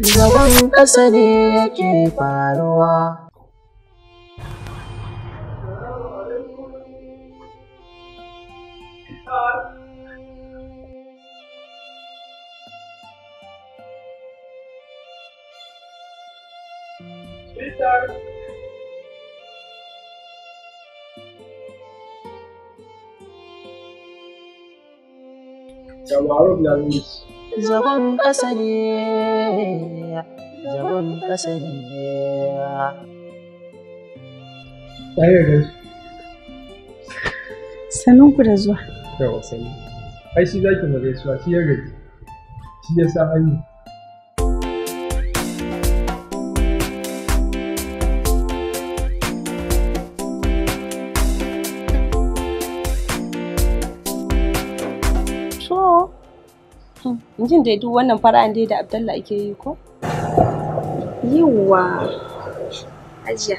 Zagon ƙasa ne yake faruwa. Sweetheart. Zagon ƙasa ne zagon ƙasa ne sanin ku da zuwa yawa sani ai shi zaki mu gaisuwa shi ya gaji shi ya sa hanyar jin dai duk wannan fara'an dai da Abdallah ake yi ko? Yawwa. Ajiya.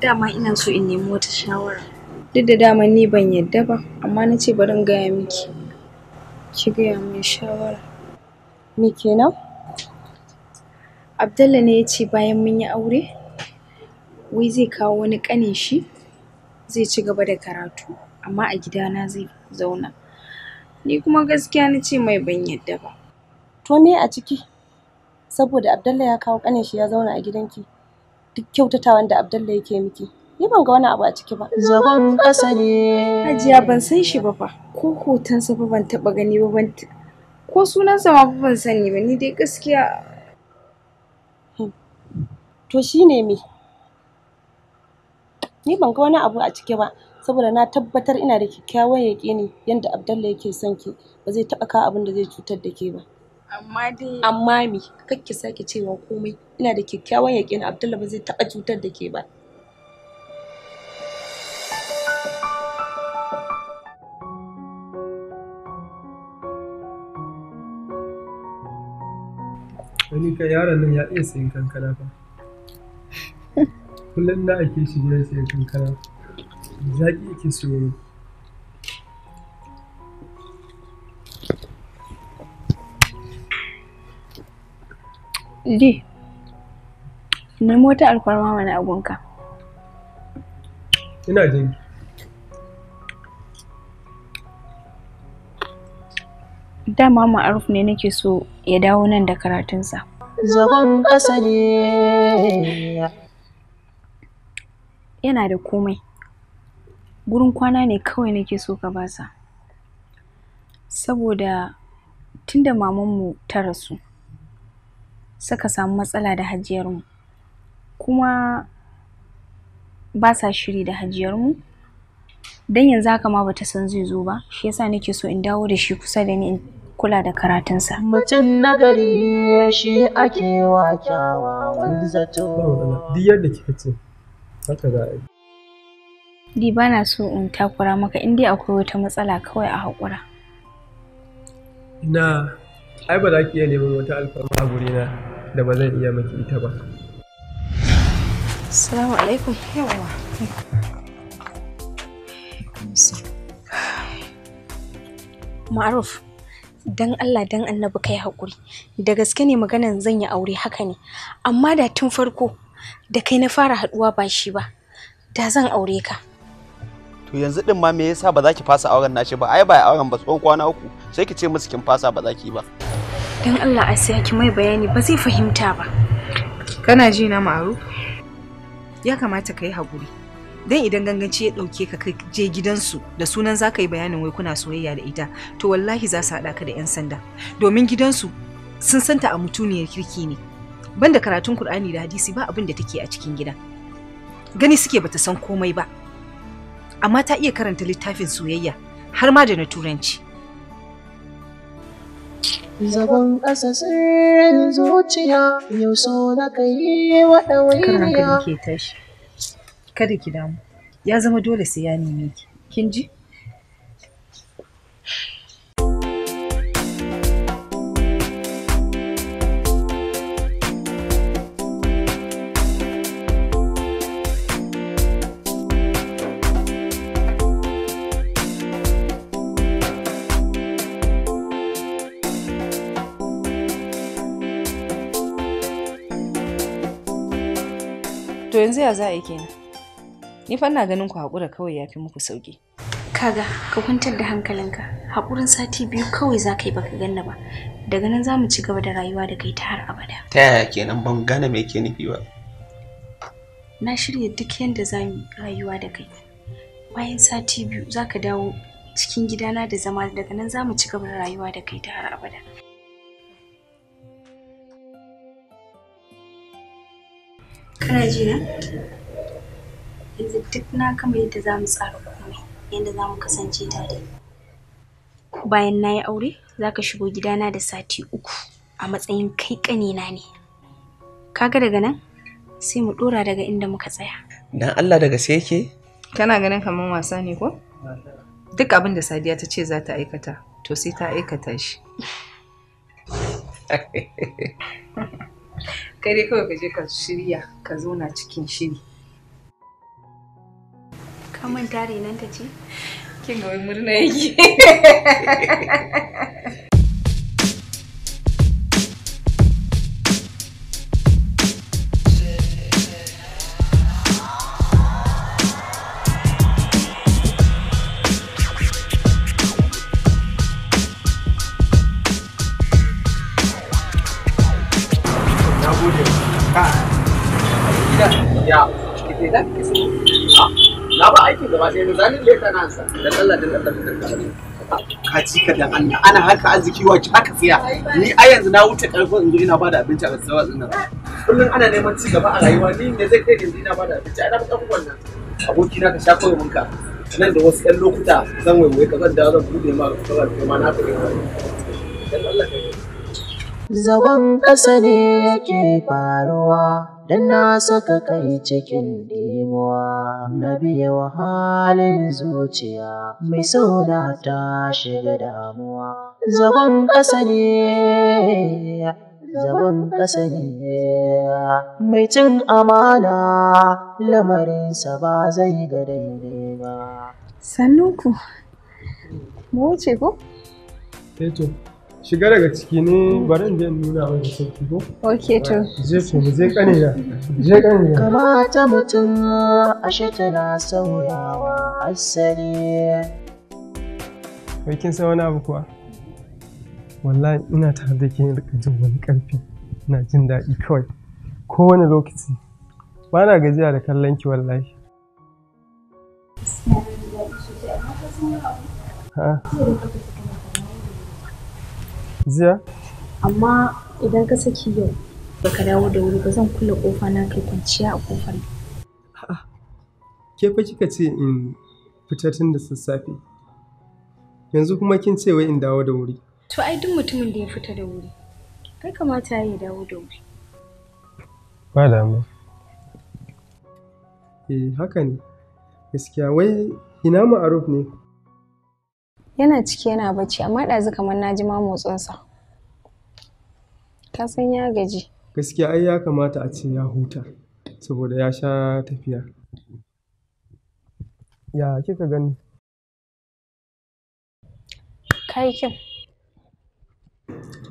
Dama ina so in nemi wata shawara. Duk da dama ni ban yadda ba, amma na ce bari in gaya miki. Ki gaya min shawara. Me kenan? Abdalla ne ya ce bayan mun yi aure, wai zai kawo wani kanin shi zai ci gaba da karatu, amma a gidana zai zauna. Ni kuma gaskiya na ce mai ban yadda ba. To me a ciki? Saboda Abdallah ya kawo ƙanin shi ya zauna a gidanki. Duk kyautatawan da Abdallah yake miki. Ni ban ga wani abu a ciki ba. Zagon ƙasa ne. Hajiya ban san shi ba fa. Ko hotonsa ba ban taɓa gani ba ban ko sunansa ma ban sani ba ni dai gaskiya hmm. to shine me ni ban ga wani abu a ciki ba saboda na tabbatar ina da kyakkyawan ne yadda Abdallah yake son ki ba zai taɓa kawo abin da zai cutar da ke ba. Amma dai. Amma me kakki sake cewa komai ina da kyakkyawan ne Abdallah ba zai taɓa cutar da ke ba. Wani ka yaron nan ya iya sayan kankana fa. Kullum na ake shi ne sayan kankana. zaƙi yake so yi Di, nemi wata alfarma mana agunka. Ina jin Da Dama ma'aruf ne nake so ya dawo nan da karatunsa. Zagon ƙasa ne. Yana da komai. gurin kwana ne kawai nake so ka basa saboda tunda mamanmu ta rasu suka samu matsala da hajiyarmu kuma ba sa shiri da hajiyarmu don yanzu haka ma ba ta san zai zo ba shi yasa nake so in dawo da shi kusa da ni in kula da karatunsa mutum nagari shi ake wa kyawawan zato Di ba na so in takura maka in dai akwai wata matsala kawai a haƙura. Ina, ai ba za ki iya neman wata alfarma a gurina da ba zan iya maki ita ba. Assalamu alaikum. yawa. Ma'aruf, dan Allah dan annabi kai haƙuri. Da gaske ne maganan zan yi aure haka ne, amma da tun farko da kai na fara haɗuwa ba shi ba, da zan aure ka. to yanzu din ma me yasa ba za ki fasa auren nashi ba ai ba auren ba tsawon kwana uku sai ki ce musu kin fasa ba za ki ba dan Allah a sai ki mai bayani ba zai fahimta ba kana ji na maru ya kamata ka yi hakuri dan idan ganganci ya dauke ka je gidansu da sunan za ka yi bayanin wai kuna soyayya da ita to wallahi za su haɗa ka da 'yan sanda domin gidansu sun santa a mutuniyar kirki ne banda karatun Kur'ani da hadisi ba abin da take a cikin gida gani suke bata san komai ba amma ta iya karanta littafin soyayya har ma da na turanci. Zagon ƙasa sirrin zuciya yau so na kai wa ɗawainiya. Kada ki damu, ya zama dole sai ya nemi ki, kin ji? to yanzu ya za a yi kenan ni fa ina ganin ku haƙura kawai ya fi muku sauƙi kaga ka kwantar da hankalinka haƙurin sati biyu kawai za ka yi baka ganna ba daga nan za mu ci gaba da rayuwa da kai ta har abada ta yaya kenan ban gane me ke nufi ba na shirya duk yadda za mu rayuwa da kai bayan sati biyu za ka dawo cikin gidana da zama daga nan za mu ci gaba da rayuwa da kai ta har abada kana ji na yanzu duk na kama yadda za mu tsara komai yadda za mu kasance daɗi. bayan na yi aure za ka shigo gidana da sati uku a matsayin kai ƙanina ne kaga daga nan sai mu ɗora daga inda muka tsaya dan Allah daga sai yake kana ganin kamar wasa ne ko duk abin da sadiya ta ce za ta aikata to sai ta aikata shi kai dai kawai ka je ka shirya ka zauna cikin shiri ka manta nan ta ce kin ga wai murna yake ka ci ka da Allah ana harka arziki wa aka tsaya ni a yanzu na wuce karfin in zo ina bada abinci a kasuwa din nan kullum ana neman ci gaba a rayuwa ni ne zai kai yanzu ina bada abinci ana baka wannan aboki na ka sha koyo minka nan da wasu yan lokuta zan waiwaye ka zan dawo zan bude ma ka kawai ma na ka yi Allah ka yi zagon ƙasa ne yake faruwa don na saka kai cikin dimuwa na biya halin zuciya mai sauna ta shiga damuwa zagon ƙasa ne zagon ƙasa ne mai cin amana lamarinsa ba zai ga daidai ba. Sannu mu wuce ko? shiga daga ciki ne bari in je in nuna wani sauki ko ok to je to mu je kane ya je kane ya kamata mutum ashe tana saurawa asali kai kin san wani abu kuwa wallahi ina tare da ke rika jin wani karfi ina jin daɗi kawai kowane lokaci ba na gajiya da kallon ki wallahi ha Ziya. Amma idan ka saki yau baka dawo da wuri ba zan kulle kofa na kai kwanciya a kofar. Ke fa kika ce in fita tun da sassafe. Yanzu kuma kin ce wai in dawo da wuri. To ai duk mutumin da ya fita da wuri. Kai kamata ya dawo da wuri. Ba damu. Eh haka ne. Gaskiya wai ina ma'aruf ne yana ciki yana bacci amma ɗazu kamar na ji ma motsinsa ka san ya gaji gaskiya ai ya kamata a ce ya huta saboda ya sha tafiya ya kika gani kai kin.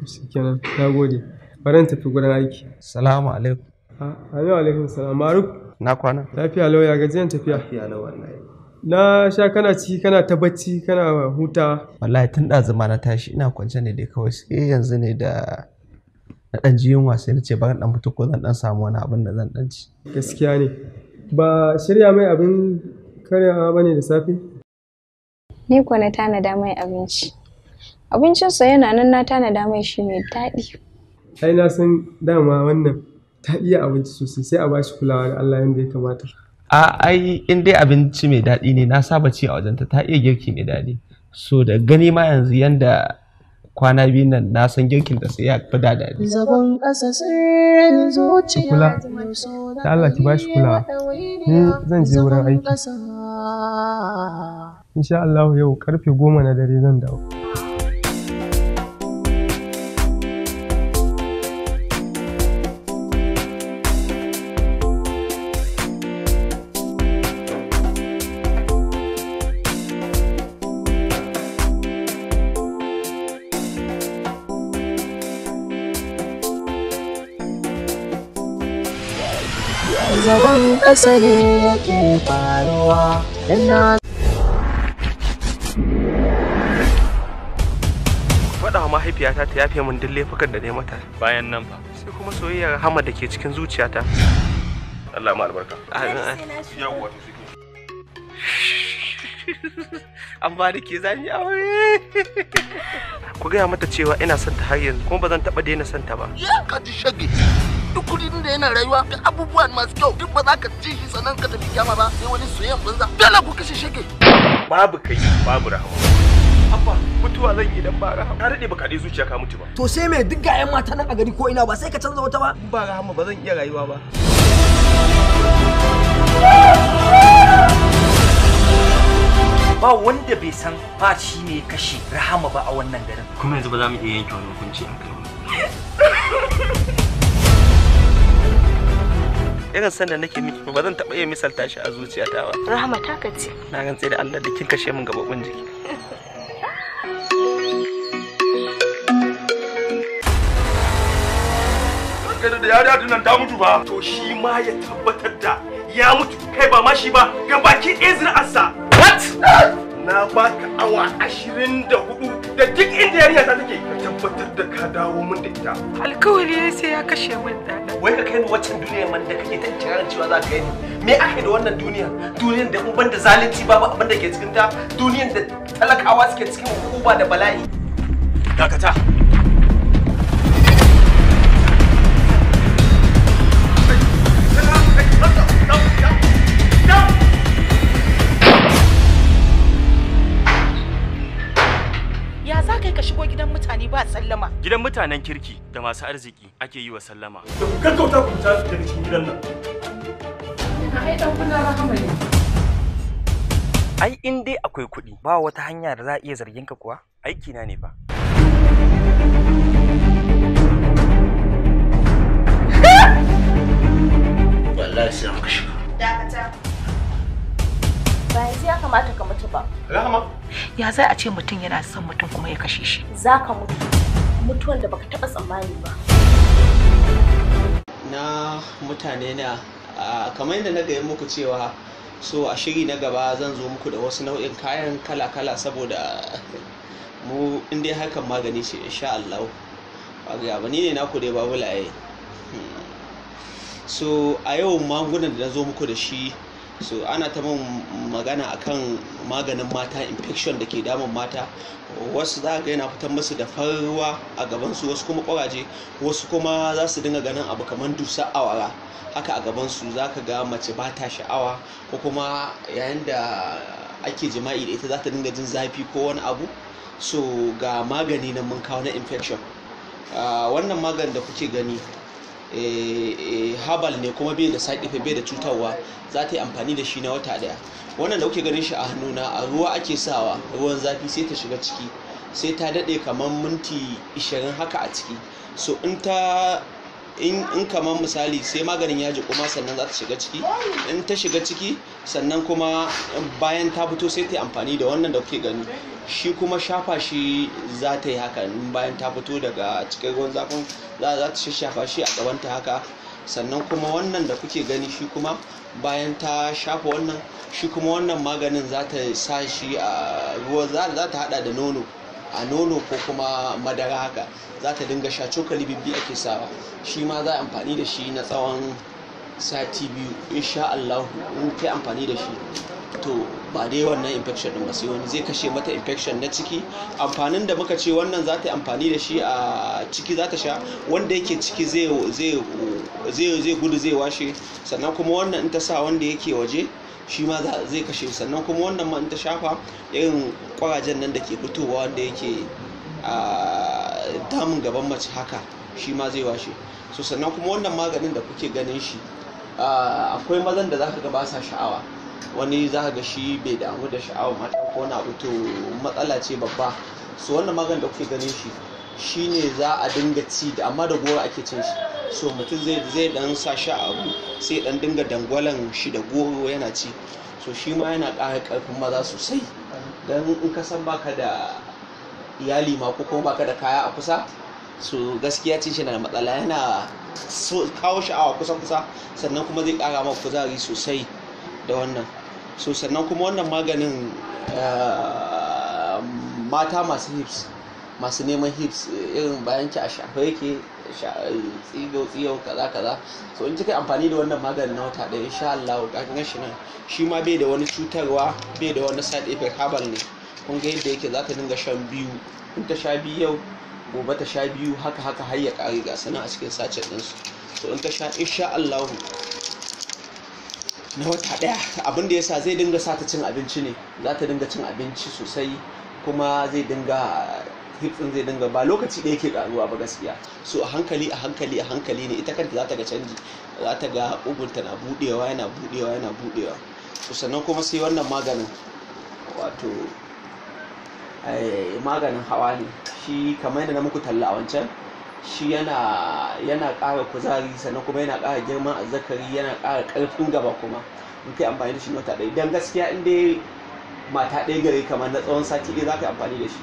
shikenan na gode bari tafi gurin aiki salamu alaikum ah, alaikum salam maruf na kwana lafiya lau ya gajiyan tafiya lafiya lau wallahi na sha kana ci kana ta bacci kana huta wallahi tun da zama na tashi ina kwance ne dai kawai sai yanzu ne da na dan ji yunwa sai na ce ba dan mutu ko zan dan samu wani abin da zan dan ci gaskiya ne ba shirya mai abin karyawa bane da safe ni ko na tanada mai abinci abincinsa yana nan na tanada mai shi mai daɗi ai na san dama wannan ta iya abinci sosai sai a bashi kulawa da Allah yadda ya kamata a ai in dai abinci mai daɗi ne na saba ci a wajenta ta iya girki mai daɗi so da gani ma yanzu yanda kwana biyu nan na san girkin da sai ya fi da daɗi. Zagon ƙasa kula. ta Allah ki bashi kulawa. Ni zan je wurin aiki. Insha Allah yau karfe goma na dare zan dawo. ƙasa yake faruwa ina faɗa mahaifiyata ta yafe min duk laifukan da dai mata bayan nan fa sai kuma soyayyar hama da ke cikin zuciyata Allah ma albarka an ba aure ku gaya mata cewa ina son ta har yanzu kuma ba zan taɓa daina son ta ba ya ka shage duk kudin da yana rayuwa da abubuwan masu kyau duk ba za ka ci shi sannan ka tafi kyama ba sai wani soyayyan banza dole ku kashe shege babu kai babu rahawa abba mutuwa zan yi dan ba rahama ka daɗe baka dai zuciya ka mutu ba to sai me duk ga mata nan a gari ko ina ba sai ka canza wata ba ba rahama ba zan iya rayuwa ba ba wanda bai san faci ne kashe rahama ba a wannan garin kuma yanzu ba za mu iya yanke wani hukunci a kai irin sanda nake miki ba zan taɓa iya misalta shi a zuciyata ba rahama ta kace na rantse da Allah da kin kashe min gababin jiki kada da yariya dinnan ta mutu ba to shi ma ya tabbatar da ya mutu kai ba ma shi ba ga baki ɗaya zira'arsa what na baka awa ashirin da hudu da duk inda yarinya ta take ka tabbatar da ka dawo min da ita alkawari ne sai ya kashe min da wai ka kai ni waccan duniyar man da kake tantaran cewa za ka yi me aka yi da wannan duniya duniyar da ban da zalunci babu abin da ke cikin ta duniyar da talakawa suke cikin hukuma da bala'i dakata gidan mutanen kirki da masu arziki ake yi wa sallama. Da ku gaggauta ku fita da cikin gidan nan. Ai Ai in dai akwai kuɗi ba wata hanya da za a iya zargin ka kuwa aiki na ne ba. Wallahi sai an kashe ka. Dakata. Ba sai ya kamata ka mutu ba. Rahama. Ya zai a ce mutum yana son mutum kuma ya kashe shi. Za ka mutu. mutuwan da baka taba tsammani ba na mutane na kamar yadda na gaya muku cewa so a shiri na gaba zan zo muku da wasu nau'in kayan kala-kala saboda mu inda hakan magani ce insha Allah ba ni ne naku dai babu laye hmm. so a yau magunan da na zo muku da shi so ana ta min magana kan maganin mata infection da ke damun mata wasu za ga yana fitar musu da farruwa a gabansu wasu kuma kwaraje wasu kuma za su dinga ganin abu kamar dusa awara haka a gabansu za ka ga mace ba ta sha'awa ko kuma yayin da ake jima'i da ita za ta dinga jin zafi ko wani abu so ga magani na mun kawo na infection ah, wannan maganin da kuke gani habal eh, eh, ne kuma bai da side bai da cutarwa za ta yi amfani da shi na wata daya wannan da kuke ganin shi a hannuna a ruwa ake sawa ruwan zafi sai ta shiga ciki sai ta daɗe kamar minti 20 haka a ciki so in ta in kamar misali sai maganin ya ji kuma sannan za ta shiga ciki in ta shiga ciki sannan kuma bayan ta fito sai ta yi amfani da wannan da kuke gani shi kuma shafa shi za ta yi haka bayan ta fito daga cikin ruwan zafin za ta shafa shi a gabanta haka sannan kuma wannan da kuke gani shi kuma bayan ta shafa wannan shi kuma wannan maganin za ta sa shi a ruwa za ta hada da nono a nono ko kuma madara haka za ta dinga sha cokali bibbi ake sawa shi ma za a amfani da shi na tsawon sati biyu insha Allah in kai amfani da shi to ba dai wannan infection din ba sai wani zai kashe mata infection na ciki amfanin da muka ce wannan za ta yi amfani da shi a ciki za ta sha wanda yake ciki zai gudu zai washe sannan kuma wannan in ta sa wanda yake waje shi ma zai kashe sannan kuma wannan ma in ta shafa irin kwarajen nan da ke fitowa wanda yake damun gaban mace haka shi ma zai washe so sannan kuma wannan maganin da kuke ganin shi akwai mazan da zaka ga ba sa sha'awa wani zaka ga shi bai damu da sha'awa mata ko na fito matsala ce babba so wannan maganin da kuke ganin shi ne za a dinga ci amma da gora ake cin shi so mutum zai zai dan sa abu sai dan dinga dangwalan shi da goro yana ci so shi ma yana ƙara ƙarfin maza sosai dan in ka san baka da iyali ma ko kuma baka da kaya a kusa so gaskiya cin shi na matsala yana so kawo sha'awa kusa kusa sannan kuma zai ƙara maka kuzari sosai da wannan so sannan kuma wannan maganin eh, mata masu hips masu neman hips eh, irin bayan ki a shafe yake tsigo tsigo kaza kaza so in kika amfani da wannan maganin na wata daya insha Allah ka ga shi nan shi ma bai da wani cutarwa bai da wani side effect herbal ne kun ga yadda yake zaka dinga shan biyu in ta sha biyu yau gobe ta sha biyu haka haka har ya kare ga sanan a cikin sachet din su so in ta sha insha Allah na wata daya abin da yasa zai dinga sa ta cin abinci ne za ta dinga cin abinci sosai kuma zai dinga hips din zai dinga ba lokaci da yake karuwa ba gaskiya so a hankali a hankali a hankali ne ita kanta za ta ga canji za ta ga ugunta na budewa yana budewa yana budewa so sannan kuma sai wannan maganin wato maganin hawa ne shi kamar yadda na muku talla a wancan shi yana yana ƙara kuzari sannan kuma yana ƙara girman azzakari yana ƙara ƙarfin gaba kuma in kai amfani da shi wata ɗaya don gaskiya in dai mata ɗaya gare kamar na tsawon sati ɗaya za ka amfani da shi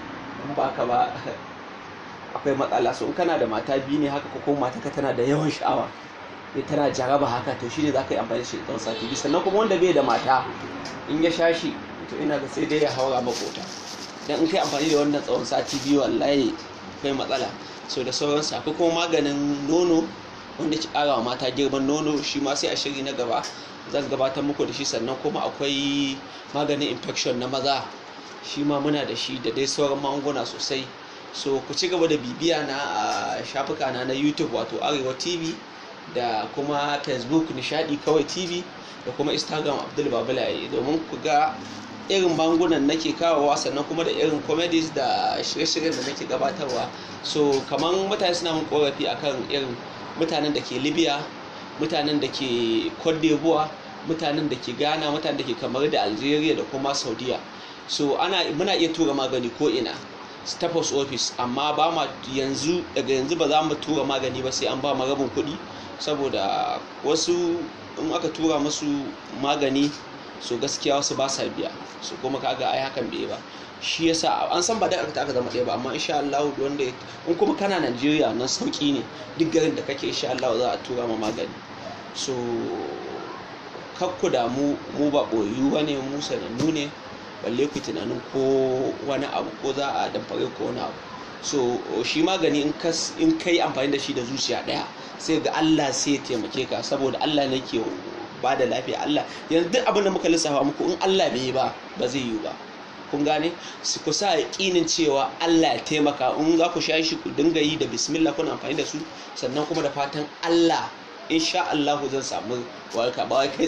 in ba ka ba akwai matsala so in kana da mata biyu ne haka ko mata ka tana da yawan sha'awa ne eh, tana jaraba haka to shi ne za ka yi amfani da shi tsawon sati biyu sannan kuma wanda bai da mata in ya sha shi to ina ga sai dai ya haura makota dan in kai amfani da wannan tsawon sati biyu wallahi kai matsala so da sauransu akwai kuma maganin nono wanda ke ƙara wa mata girman nono shi ma sai a shiri na gaba zan gabatar muku da shi sannan kuma akwai maganin infection na maza shi ma muna da shi da dai sauran magunguna sosai so ku ci gaba da bibiya na a shafuka na na youtube wato arewa tv da kuma facebook nishadi kawai tv da kuma instagram abdul babalaye domin ku ga irin bangunan nake kawowa sannan kuma da irin comedies da shirye-shiryen da nake gabatarwa so kamar mutane suna mun korafi akan irin mutanen da ke libya mutanen da ke d'ivoire mutanen da ke ghana mutanen da ke kamar da algeria da kuma saudiya so ana muna iya tura magani ko ina ta office amma ba ma yanzu daga yanzu ba za mu tura magani ba sai an ba mu rabin kuɗi saboda wasu in aka tura masu magani so gaskiya wasu ba sa biya so kuma kaga ai hakan bai ba shi yasa an san ba da aka aka zama ɗaya ba amma insha Allah wanda in kuma kana Najeriya nan sauki ne duk garin da kake insha Allah za a tura ma magani so kakku damu mu ba boyu ne mu sanannu ne balle ku tunanin ko wani abu ko za a damfare ko wani abu so shi magani in kai amfani da shi da zuciya daya sai ga Allah sai ya taimake ka saboda Allah ne ke ba da lafiya Allah yanzu duk abin da muka lissafa muku in Allah bai yi ba ba zai yi ba kun gane su ku sa yakinin cewa Allah ya taimaka in za ku sha shi ku dinga yi da bismillah kuna amfani da su sannan kuma da fatan Allah insha Allah zan samu warka ba kai